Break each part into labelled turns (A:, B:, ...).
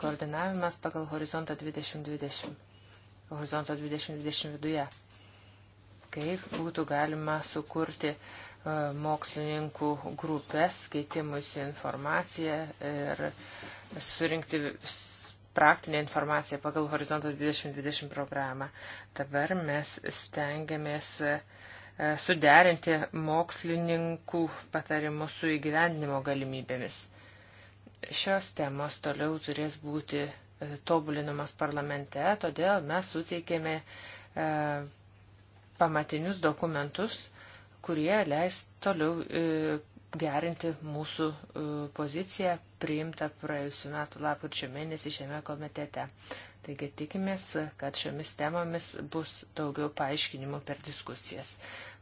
A: koordinavimas pagal horizontą 2020, horizonto 2020 viduje, kaip būtų galima sukurti e, mokslininkų grupės, keitimus informaciją ir surinkti praktinę informaciją pagal Horizontas 2020 programą. Dabar mes stengiamės e, suderinti mokslininkų patarimus su įgyvendinimo galimybėmis. Šios temos toliau turės būti e, tobulinamas parlamente, todėl mes suteikėme e, pamatinius dokumentus, kurie leis toliau e, gerinti mūsų e, poziciją priimtą praėjusiu metu lapkričio mėnesį šiame komitete. Taigi tikimės, kad šiomis temomis bus daugiau paaiškinimų per diskusijas.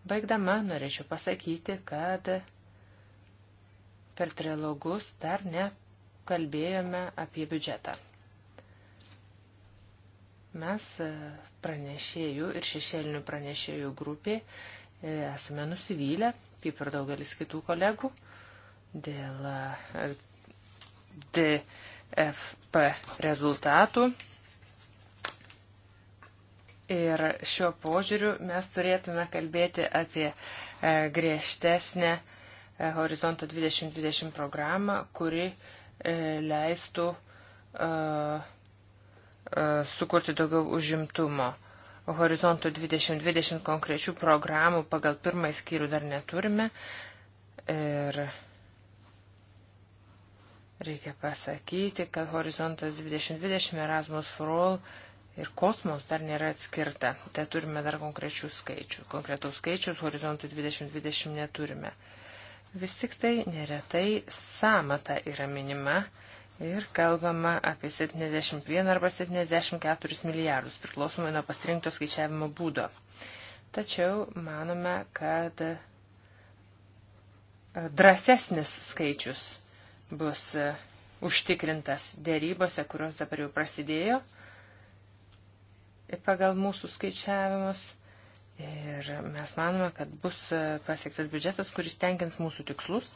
A: Baigdama norėčiau pasakyti, kad per trilogus dar ne kalbėjome apie biudžetą. Mes e, pranešėjų ir šešėlinių pranešėjų grupė e, esame nusivylę, kaip ir daugelis kitų kolegų, dėl e, DFP rezultatų. Ir šiuo požiūriu mes turėtume kalbėti apie griežtesnę Horizonto 2020 programą, kuri uh, E, leistų e, e, sukurti daugiau užimtumo. Horizontų 2020 konkrečių programų pagal pirmąjį skyrių dar neturime. Ir reikia pasakyti, kad Horizontas 2020, Erasmus for All ir kosmos dar nėra atskirta. Tai turime dar konkrečių skaičių. Konkretaus skaičius Horizontų 2020 neturime. Vis tik tai neretai samata yra minima ir kalbama apie 71 arba 74 milijardus, priklausomai nuo pasirinkto skaičiavimo būdo. Tačiau manome, kad e, drąsesnis skaičius bus e, užtikrintas dėrybose, kurios dabar jau prasidėjo. Ir pagal mūsų skaičiavimus Ir mes manome, kad bus e, pasiektas biudžetas, kuris tenkins mūsų tikslus.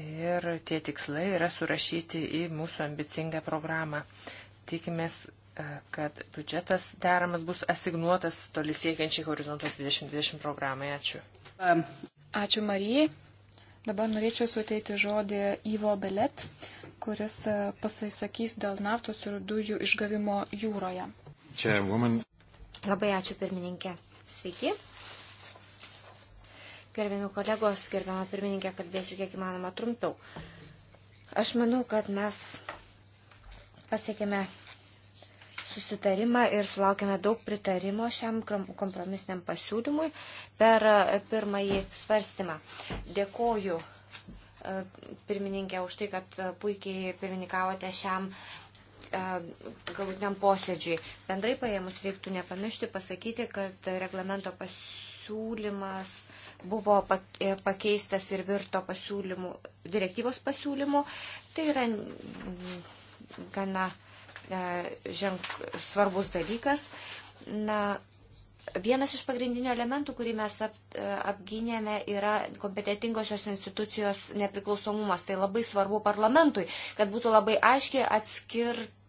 A: Ir tie tikslai yra surašyti į mūsų ambicingą programą. Tikimės, e, kad biudžetas deramas bus asignuotas toli siekiančiai horizonto 2020 programai. Ačiū. Um.
B: Ačiū Marijai. Dabar norėčiau suteikti žodį Ivo Belet, kuris e, pasisakys dėl naftos ir dujų išgavimo jūroje.
A: Čia, woman.
B: Labai
C: ačiū pirmininkė. Sveiki. Gerbėmių kolegos, gerbiamą pirmininkę, kalbėsiu kiek įmanoma trumpiau. Aš manau, kad mes pasiekėme susitarimą ir sulaukėme daug pritarimo šiam kompromisiniam pasiūlymui per pirmąjį svarstymą. Dėkoju e, pirmininkė už tai, kad puikiai pirmininkavote šiam E, galutiniam posėdžiui. Bendrai paėmus reiktų nepamiršti pasakyti, kad reglamento pasiūlymas buvo e, pakeistas ir virto pasiūlymų, direktyvos pasiūlymų. Tai yra gana e, ženk, svarbus dalykas. Na, Vienas iš pagrindinių elementų, kurį mes ap, apgynėme, yra kompetitingosios institucijos nepriklausomumas. Tai labai svarbu parlamentui, kad būtų labai aiškiai atskirt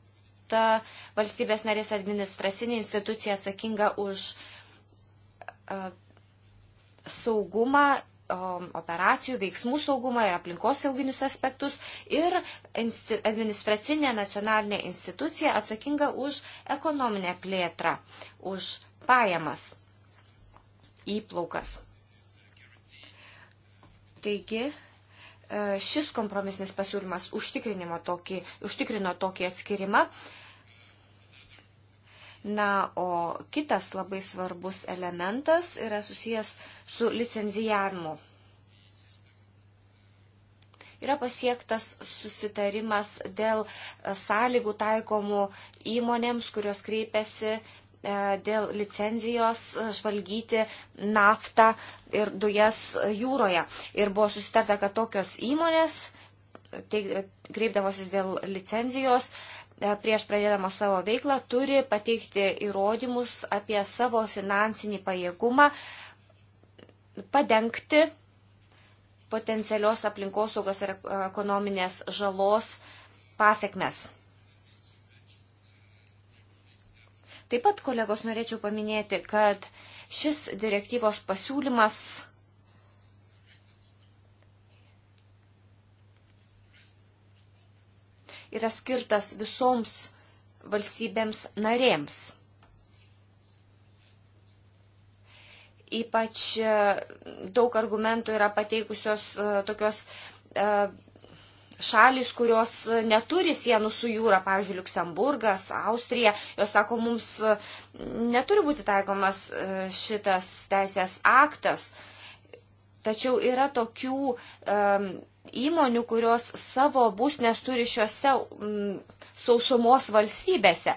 C: skirta valstybės narės administracinė institucija atsakinga už saugumą, operacijų, veiksmų saugumą ir aplinkosauginius aspektus ir administracinė nacionalinė institucija atsakinga už ekonominę plėtrą, už pajamas, įplaukas. Taigi, e, šis kompromisinis pasiūlymas tokį, užtikrino tokį atskirimą Na, o kitas labai svarbus elementas yra susijęs su licenzijavimu. Yra pasiektas susitarimas dėl e, sąlygų taikomų įmonėms, kurios kreipiasi e, dėl licenzijos e, žvalgyti naftą ir dujas jūroje. Ir buvo susitarta, kad tokios įmonės kreipdamosis dėl licenzijos, e, prieš pradėdama savo veiklą turi pateikti įrodymus apie savo finansinį pajėgumą padengti potencialios aplinkosaugos ir e, ekonominės žalos pasiekmes. Taip pat, kolegos, norėčiau paminėti, kad šis direktyvos pasiūlymas yra skirtas visoms valstybėms narėms. Ypač e, daug argumentų yra pateikusios e, tokios e, šalis, kurios neturi sienų su jūra, pavyzdžiui, Luksemburgas, Austrija, jos sako, mums neturi būti taikomas šitas teisės aktas. Tačiau yra tokių um, įmonių, kurios savo būsnės turi šiuose mm, sausumos valstybėse.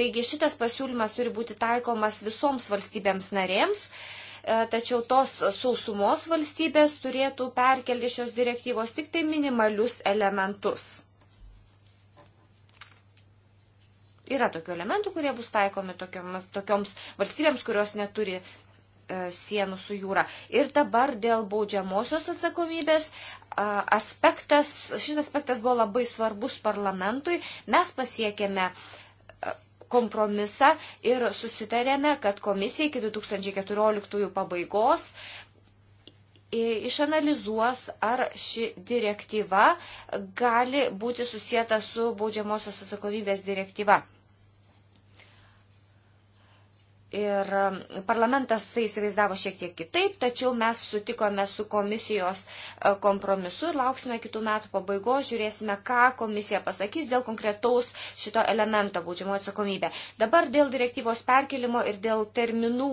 C: Taigi šitas pasiūlymas turi būti taikomas visoms valstybėms narėms, e, tačiau tos sausumos valstybės turėtų perkelti šios direktyvos tik tai minimalius elementus. Yra tokių elementų, kurie bus taikomi tokioms, tokioms valstybėms, kurios neturi E, sienų su jūra. Ir dabar dėl baudžiamosios atsakomybės aspektas, šis aspektas buvo labai svarbus parlamentui. Mes pasiekėme e, kompromisą ir susitarėme, kad komisija iki 2014 pabaigos e, išanalizuos, ar ši direktyva gali būti susijęta su baudžiamosios atsakomybės direktyva. Ir um, parlamentas tai įsivaizdavo šiek tiek kitaip, tačiau mes sutikome su komisijos uh, kompromisu ir lauksime kitų metų pabaigos, žiūrėsime, ką komisija pasakys dėl konkretaus šito elemento būdžiamo atsakomybė. Dabar dėl direktyvos perkelimo ir dėl terminų,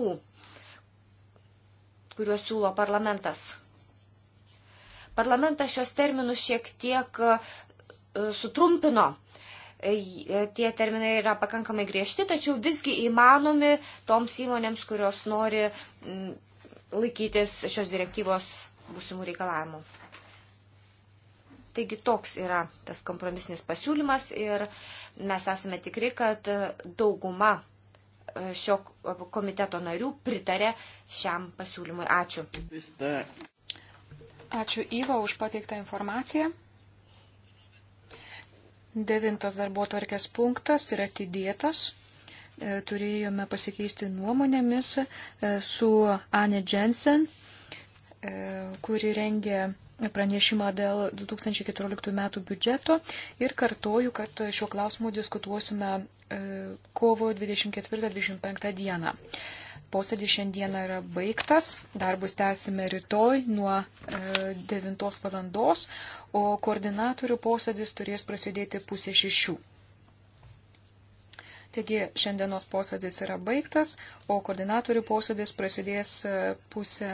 C: kuriuos siūlo parlamentas. Parlamentas šios terminus šiek tiek uh, sutrumpino E, e, tie terminai yra pakankamai griežti, tačiau visgi įmanomi toms įmonėms, kurios nori laikytis šios direktyvos būsimų reikalavimų. Taigi toks yra tas kompromisinis pasiūlymas ir mes esame tikri, kad dauguma e, šio komiteto narių pritarė šiam pasiūlymui. Ačiū. Ačiū Ivo už pateiktą informaciją.
B: Devintas darbo tvarkės punktas yra atidėtas. E, turėjome pasikeisti nuomonėmis e, su Anne Jensen, e, kuri rengė pranešimą dėl 2014 metų biudžeto ir kartoju, kad šiuo klausimu diskutuosime e, kovo 24-25 dieną. Posėdis šiandieną yra baigtas, darbus tęsime rytoj nuo 9 e, valandos, o koordinatorių posėdis turės prasidėti pusė šešių. Taigi šiandienos posėdis yra baigtas, o koordinatorių posėdis prasidės e, pusę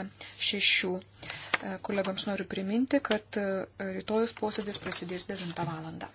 B: šešių. E, Kolegams noriu priminti, kad e, rytojus posėdis prasidės 9 valandą.